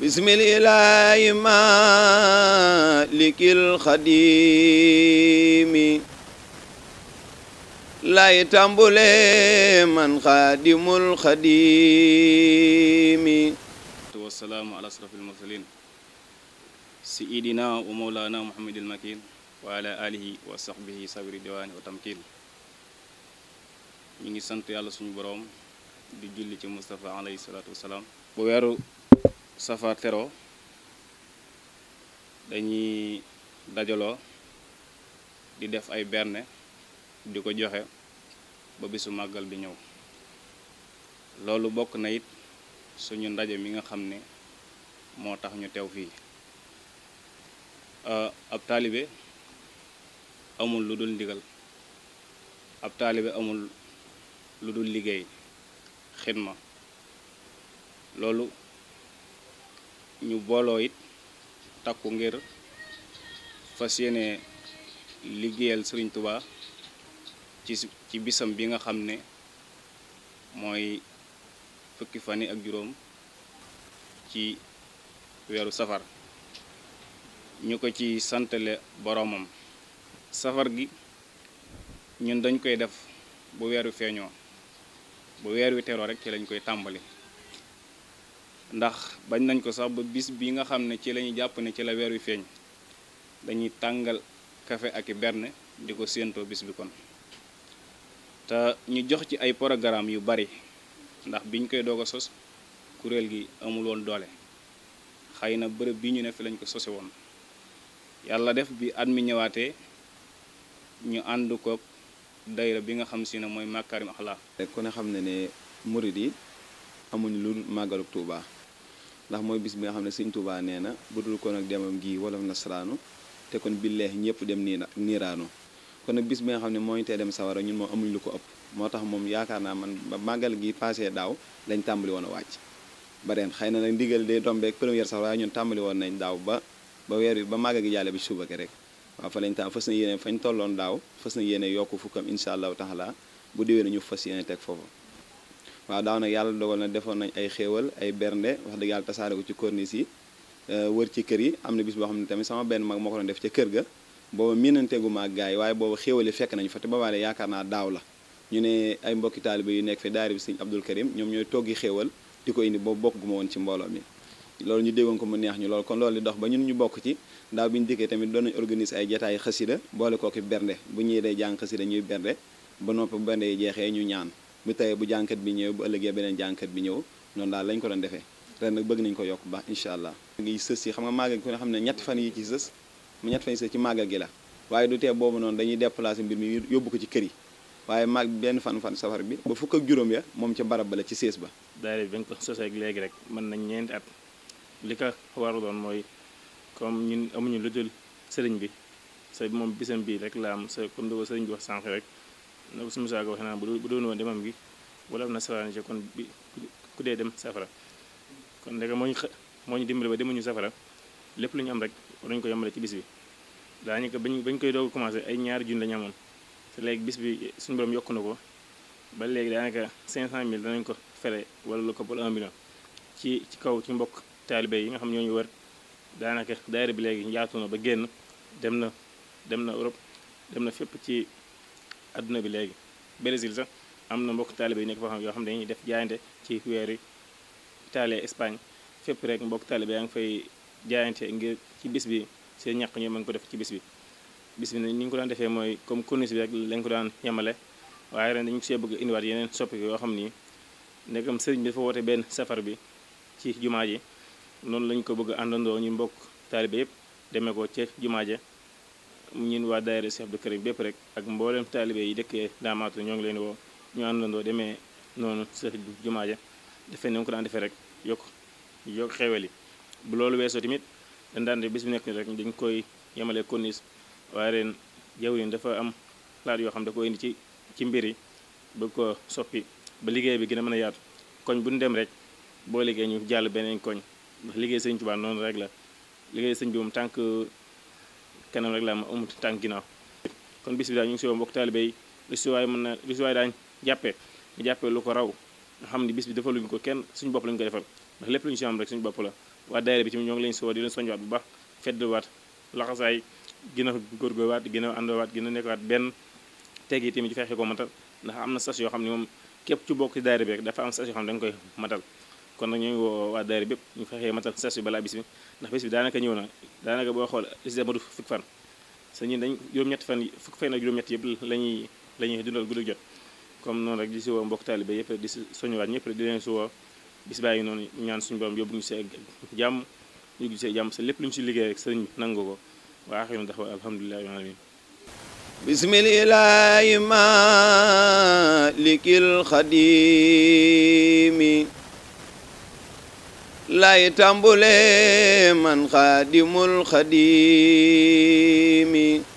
بسم الإله مالك الخديم lay tàmbule man xaadimul xadimi wasalaamu ala asrafil mursalin sayidina wa mawlana wa ala alihi wa sahbihi wa tamkin ñu ngi sant yàlla suñu boroom di julli ci moustapha alayhi salaatu wasalaam safar tero dañuy dajaloo di def ay berne di ko joxe ba bisu màggal bi ñëw loolu bokk na it suñu ndaje mi nga xam ne moo tax ñu tew fii euh, ab taalibe amul lu dul ndigal ab taalibe amul lu dul liggéey xidma loolu ñu booloo it takku ngir fas yéene liggéeyal sëriñ Tuubaa ci ci bisam bi nga xam ne mooy fukki fani ak juróom ci weeru safar ñu ko ci santale boroomam safar gi ñun dañ koy def bu weer wi feeñoo bu weer wi teroo rek ci lañ koy tàmbali ndax bañ nañ ko sax ba bis bi nga xam ne ci lañuy jàpp ne ci la weer wi feeñ dañuy tàngal kafe ak i berne di ko séentoo bis bi kon te ñu jox ci ay programme yu bari ndax biñ koy doog a sos kuréel gi amul doole xëy na bërëb bi ñu ne fi lañ ko sose woon yàlla def bi at mi ñëwaatee ñu ànd ko dayra bi nga xam si ne mooy màkkaarim axlaa ku ne xam ne ne murid amuñ lu màggalu Tuubaa ndax mooy bis bi nga xam ne sëñ Tuubaa nee na bu dul kon ak demam gii wala nasaraanu te kon billeex ñëpp dem nii niiraanu kon nag bis bi nga xam ne moo ñu tee dem sawara ñun moo amuñ lu ko ëpp moo tax moom yaakaar naa man ba màggal gi passé daaw lañ tàmbali woon a wàcc ba ren xëy na nag ndigal day tombeek première sax waaye ñun tàmbali woon nañ daaw ba ba weer bi ba màggal gi jàlle bi suba gi rek waaw fa lañ tam fas na yéene fañ tolloon daaw fas na yéene yokku fukkam incha allahu taala bu déwee na ñu fas yéene teg foofu waaw daaw nag yàlla dogal na defoon nañ ay xéewal ay bernde wax dëgg yàlla tasaare ko ci corniche yi euh, wër ci kër yi am na bis boo xam ne tamit sama benn mag moo ko doon def ca kër ga booba miinanteegu ma ak gars waaye booba xéewal yi fekk nañu fa te boobaale yaakaar naa daaw la ñu ne ay mbokki taalibe yu nekk fi daari bi sëñ Abdul Karim ñoom ñooy toggi xéewal di ko indi boo bokk gu ma woon ci mbooloo mi loolu ñu déggoon ko mu neex ñu lool kon lool di dox ba ñun ñu bokk ci ñu dikkee tamit doon nañ organiser ay jataayi xasida boole kooki bernde bu ñuy dee jàng xasida ñuy bernde ba nopp bernde yi jeexee ñu ñaan bu tawee bu jànkat bi ñëw bu ëllëgee beneen jànkat bi ñëw noonu daal lañ ko doon defee ren nag bëgg nañ ko yokk ba incha allah ngi sës yi xam nga xam ne ñetti fan yi ci sës mu ñetti fan yi sës ci màggal gi la waaye du tee boobu noonu dañuy déplacé mbir mi yóbbu ko ci kër yi waaye mag benn fan fan safar bi ba fukk ak juróom ya moom ca barab ba la ci sées ba daayira bi bañ ko sosee ak léegi rek mën nañ ñeenti at li ko waruloon mooy comme ñun amuñu lu dul sëriñ bi sa moom bisam bii rek la am sa comme li ko sëriñ bi wax sànq rek na su Musaa Ka waxee naan bu doon woon demam gi wala am nasaraan ci kon bi ku dee dem safara kon ndeke moo ñu moo ñu safara lépp lu ñu am rek dañu ko yemale ci bis bi daañu ko bañ koy doog commencé ay ñaari junni léegi bis bi suñu borom yokku na ko ba léegi daanaka mille danañ ko fere wala lu ko bol million ci ci kaw ci mbokk taalibe yi nga xam ñoo ñu wër daanaka daayira bi léegi yaatu na ba génn dem na dem na Europe dem na fépp ci. adduna bi léegi Brésil sax am na mbokk taalibe yi nekk foo xam yoo xam ne dañuy def jaayante ci weeri Italie Espagne fépp rek mbokk taalibe yaa ngi fay jaayante ngir ci bis bi seen ñaq ñoo ma ngi ko def ci bis bi bis bi ni ñu ko daan defee mooy comme corniche bi rek lañ ko daan yemale waaye ren dañu see bëgg indiwaat yeneen soppi yoo xam ni nekkam sëriñ bi dafa woote benn safar bi ci jumaa ji noonu lañ ko bëgg àndandoo ñu mbokk taalibe yëpp demee ko ci jumaa ja ñun waa daayira Cheikh Abdou Karim bépp rek ak mboolem taalibe yi dëkkee daamaatu ñoo ngi leen woo ñu àndandoo demee noonu sëriñ bi jumaa ja defee ni ko daan defee rek yokk yokk xewel yi bu loolu weesoo tamit dañ daan bis bu nekk rek dañ koy yemale corniche waaye ren jaww yi dafa am laaj yoo xam da ko indi ci ci mbir yi bëgg ko soppi ba liggéey bi gën a mën a yaatu koñ bu ñu dem rek boo liggéey ñu jàll beneen koñ liggéey sëñ Tuubaa noonu rek la kanam rek laa ma amut tànk ginnaaw kon bis bi daal ñu ngi si woo mbokk taalibe yi lu si mën na lu si waay daañ jàppee ñu jàppee lu ko raw nga xam ni bis bi defaluñ ko kenn suñ bopp lañ ko defal ndax lépp lu ñu si am rek suñu bopp la waa daayira bi ci ñoo ngi leen si woo di leen soñwaat bu baax feddwaat laxasaay gën a góorgóorwaat gën a àndowaat gën a nekkaat benn teg yi tamit fexe ko matal ndax am na sas yoo xam ne moom képp ci bokk ci daayira bi rek dafa am sas da nga koy matal kon nag ñu ngi woo waa daayira bépp ñu fexee matal sas bi balaa bis bi ndax bis bi daanaka ñëw na daanaka boo xool lisida madu fukki fan sa ñun dañ juróom-ñetti fan fukki fan ak juróom-ñetti yëpp la ñuy la ñuy di si woo mbokk taalibe yëpp di soñuwaat ñëpp di leen si woo bis baa ngi noonu ñaan suñu borom yóbbu ñu sa lépp lu ñu si liggéey rek sëriñ bi nangu ko waa axiru ndax wa alhamdulilahi alamin lay tàmbule man xaadimul xadimi